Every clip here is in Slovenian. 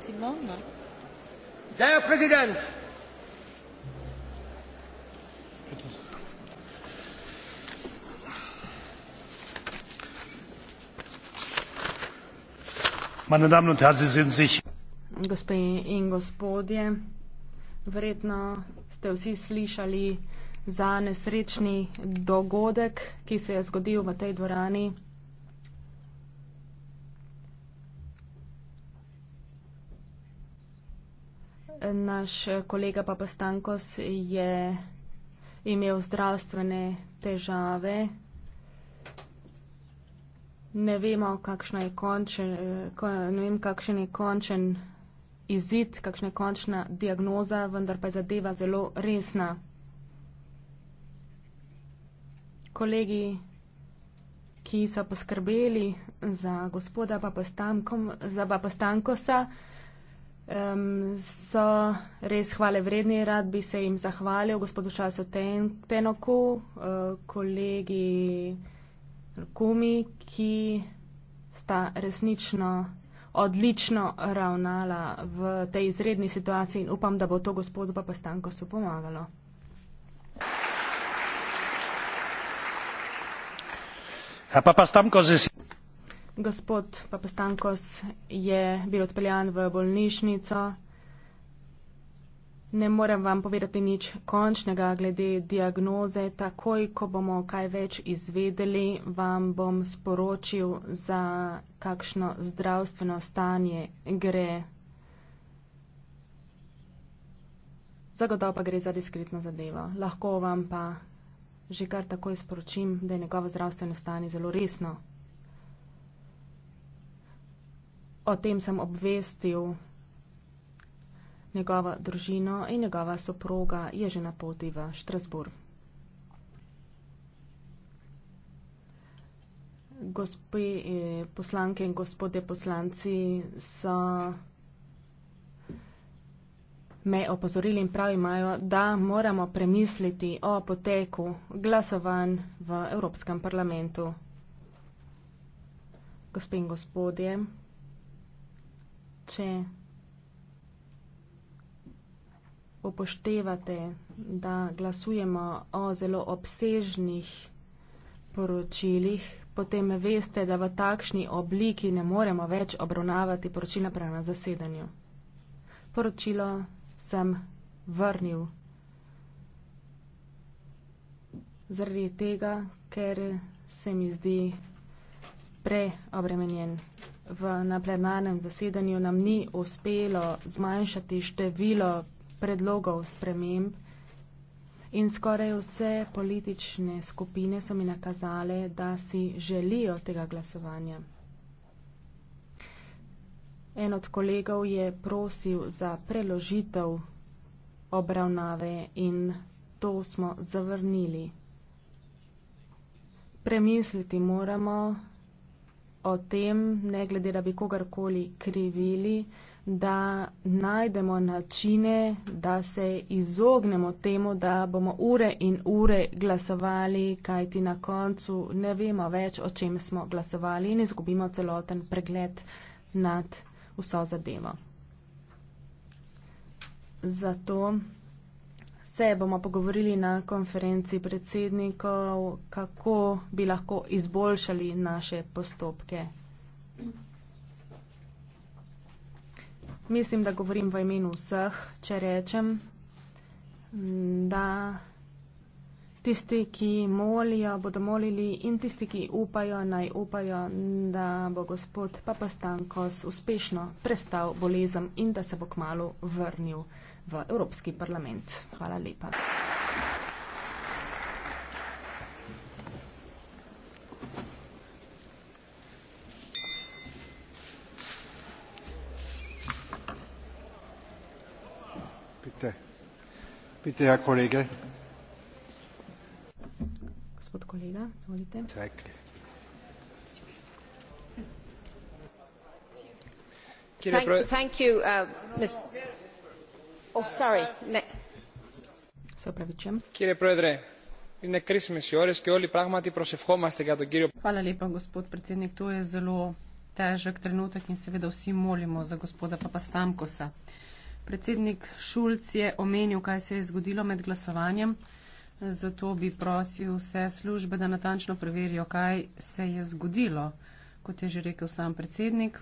maximum. Dear oh, President, Meine Damen und Herren, Sie sind sich. Gospe in gospodje, verjetno ste vsi slišali za nesrečni dogodek, ki se je zgodil v tej dvorani naš kolega Papa Stankos je imel zdravstvene težave. Ne vemo, kakšna je končen, ne vem, kakšen je končen izid, kakšna je končna diagnoza, vendar pa je zadeva zelo resna. Kolegi, ki so poskrbeli za gospoda Papa Stankom, za Papa Stankosa, um, so res hvale vredni. Rad bi se jim zahvalil, gospodu Času Ten Tenoku, uh, kolegi Kumi, ki sta resnično odlično ravnala v tej izredni situaciji in upam, da bo to gospodu pa postankosu pomagalo. Herr Papastamkos ist. Gospod Papestankos je bil odpeljan v bolnišnico. Ne morem vam povedati nič končnega glede diagnoze. Takoj, ko bomo kaj več izvedeli, vam bom sporočil, za kakšno zdravstveno stanje gre. Zagotovo pa gre za diskretno zadevo. Lahko vam pa že kar takoj sporočim, da je njegovo zdravstveno stanje zelo resno. o tem sem obvestil njegovo družino in njegova soproga je že na poti v Štrasburg. Gospi eh, poslanke in gospode poslanci so me opozorili in prav imajo, da moramo premisliti o poteku glasovanj v Evropskem parlamentu. Gospe in gospodje, mogoče upoštevate, da glasujemo o zelo obsežnih poročilih, potem veste, da v takšni obliki ne moremo več obravnavati poročil naprej na zasedanju. Poročilo sem vrnil zaradi tega, ker se mi zdi preobremenjen v, na plenarnem zasedanju nam ni uspelo zmanjšati število predlogov sprememb in skoraj vse politične skupine so mi nakazale, da si želijo tega glasovanja. En od kolegov je prosil za preložitev obravnave in to smo zavrnili. Premisliti moramo, o tem, ne glede da bi kogarkoli krivili, da najdemo načine, da se izognemo temu, da bomo ure in ure glasovali, kajti na koncu ne vemo več, o čem smo glasovali in izgubimo celoten pregled nad vso zadevo. Zato se bomo pogovorili na konferenci predsednikov, kako bi lahko izboljšali naše postopke. Mislim, da govorim v imenu vseh, če rečem, da. Tisti, ki molijo, bodo molili in tisti, ki upajo, naj upajo, da bo gospod Papa Stankos uspešno prestal bolezen in da se bo kmalo vrnil v Evropski parlament. Hvala lepa. Pite. Pite, ja, kolege gospod kolega. Zvolite. Tak. Thank, thank you, uh, Ms. Oh, sorry. Ne. Se opravičujem. Kire predre. Hvala lepa, gospod predsednik. To je zelo težek trenutek in seveda vsi molimo za gospoda Papastamkosa. Predsednik Šulc je omenil, kaj se je zgodilo med glasovanjem. Zato bi prosil vse službe, da natančno preverijo, kaj se je zgodilo. Kot je že rekel sam predsednik,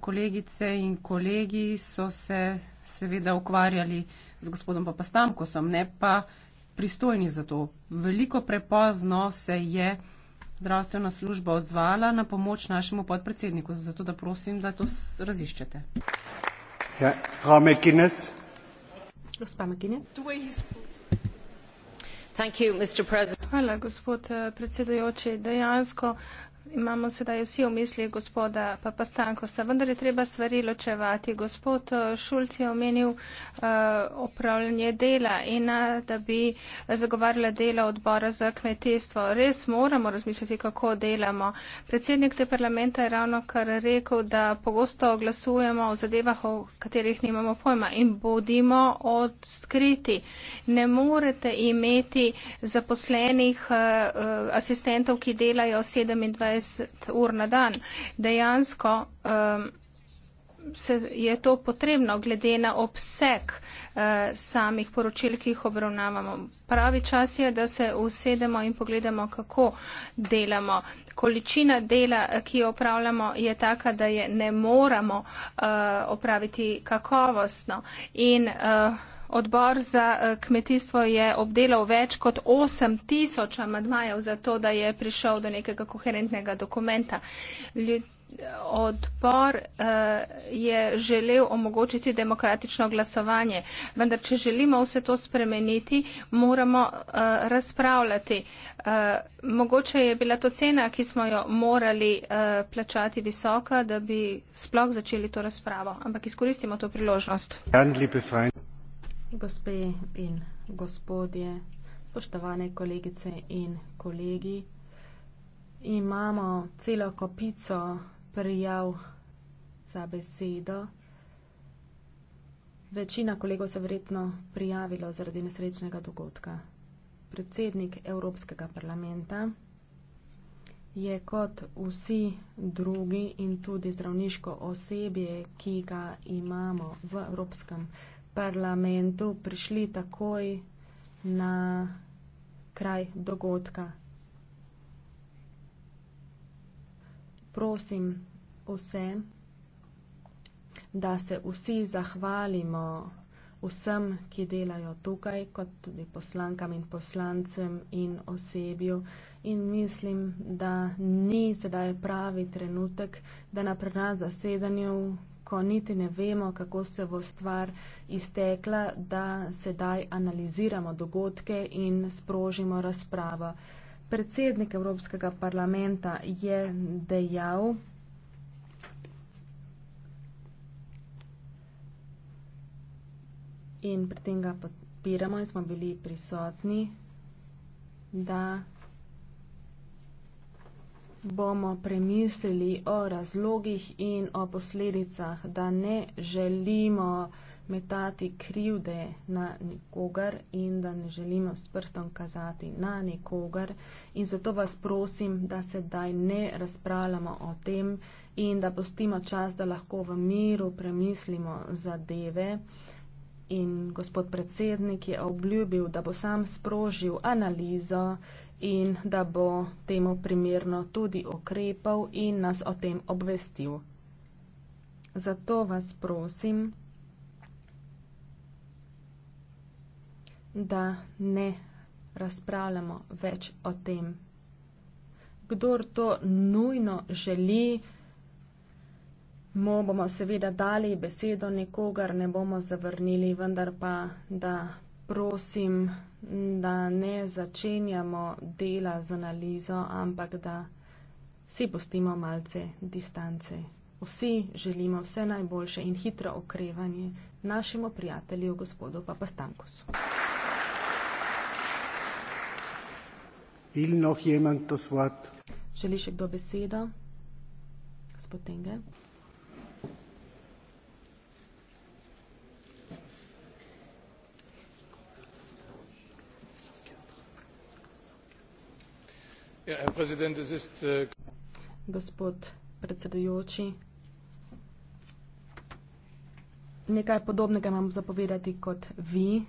kolegice in kolegi so se seveda ukvarjali z gospodom Papastamkosom, ne pa pristojni za to. Veliko prepozno se je zdravstvena služba odzvala na pomoč našemu podpredsedniku, zato da prosim, da to raziščete. Ja, Frau McGuinness. Gospa McGuinness. Eh, dejansko je bilo v tem primeru res zelo težko razumeti kaj je komisija hotela povedati imamo sedaj vsi v misli gospoda Papa Stankosta, vendar je treba stvari ločevati. Gospod eh, Šulc je omenil uh, opravljanje dela in eh, da bi zagovarjala delo odbora za kmetijstvo. Res moramo razmisliti, kako delamo. Predsednik te parlamenta je ravno kar rekel, da pogosto oglasujemo o zadevah, o katerih nimamo pojma in bodimo odskriti. Ne morete imeti zaposlenih uh, asistentov, ki delajo 27 24 ur na dan. Dejansko um, se je to potrebno glede na obseg uh, samih poročil, ki jih obravnavamo. Pravi čas je, da se usedemo in pogledamo, kako delamo. Količina dela, ki jo opravljamo, je taka, da je ne moramo uh, opraviti kakovostno. In, uh, Odbor za eh, kmetijstvo je obdelal več kot 8 tisoč amadmajev za to, da je prišel do nekega koherentnega dokumenta. Odbor eh, je želel omogočiti demokratično glasovanje, vendar če želimo vse to spremeniti, moramo eh, razpravljati. Mogoče je bila to cena, ki smo jo morali plačati visoka, da bi sploh začeli to razpravo, ampak izkoristimo to priložnost gospe in gospodje, spoštovane kolegice in kolegi. Imamo celo kopico prijav za besedo. Večina kolegov se verjetno prijavilo zaradi nesrečnega dogodka. Predsednik Evropskega parlamenta je kot vsi drugi in tudi zdravniško osebje, ki ga imamo v Evropskem parlamentu, parlamentu prišli takoj na kraj dogodka. Prosim vse, da se vsi zahvalimo vsem, ki delajo tukaj, kot tudi poslankam in poslancem in osebju. In mislim, da ni sedaj pravi trenutek, da na prenas zasedanju, ko niti ne vemo, kako se bo stvar iztekla, da sedaj analiziramo dogodke in sprožimo razpravo. Predsednik Evropskega parlamenta je dejal, in pri tem ga podpiramo in smo bili prisotni, da bomo premislili o razlogih in o posledicah, da ne želimo metati krivde na nikogar in da ne želimo s prstom kazati na nikogar. In zato vas prosim, da sedaj ne razpravljamo o tem in da postimo čas, da lahko v miru premislimo zadeve. In gospod predsednik je obljubil, da bo sam sprožil analizo in da bo temu primerno tudi okrepal in nas o tem obvestil. Zato vas prosim, da ne razpravljamo več o tem. Kdor to nujno želi, mu bomo seveda dali besedo, nikogar ne bomo zavrnili, vendar pa, da prosim, da ne začenjamo dela z analizo, ampak da si postimo malce distance. Vsi želimo vse najboljše in hitro okrevanje našemu prijatelju, gospodu Papa Stankosu. Želi še kdo besedo? Gospod Tengel. Ja, äh, Gospod predsedujoči, nekaj podobnega imam zapovedati kot vi,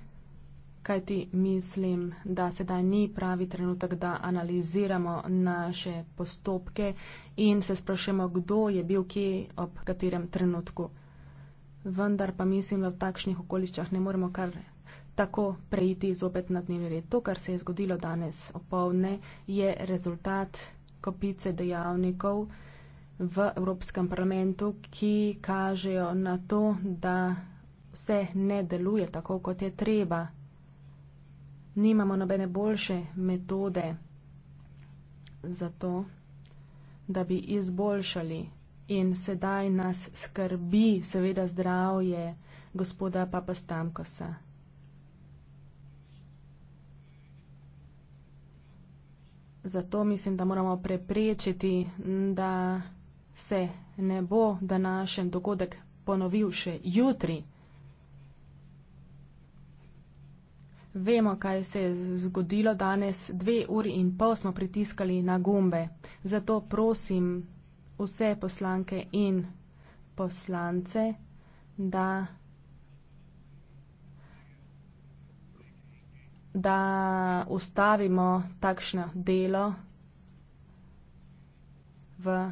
kajti mislim, da sedaj ni pravi trenutek, da analiziramo naše postopke in se sprašujemo, kdo je bil kje ob katerem trenutku. Vendar pa mislim, da v takšnih okoliščah ne moremo kar tako preiti zopet na dnevni red. To, kar se je zgodilo danes opovdne, je rezultat kopice dejavnikov v Evropskem parlamentu, ki kažejo na to, da vse ne deluje tako, kot je treba. Nimamo nobene boljše metode za to, da bi izboljšali in sedaj nas skrbi seveda zdravje gospoda Papa Stamkosa. Zato mislim, da moramo preprečiti, da se ne bo današen dogodek ponovil še jutri. Vemo, kaj se je zgodilo danes. Dve uri in pol smo pritiskali na gumbe. Zato prosim vse poslanke in poslance, da da ustavimo takšno delo v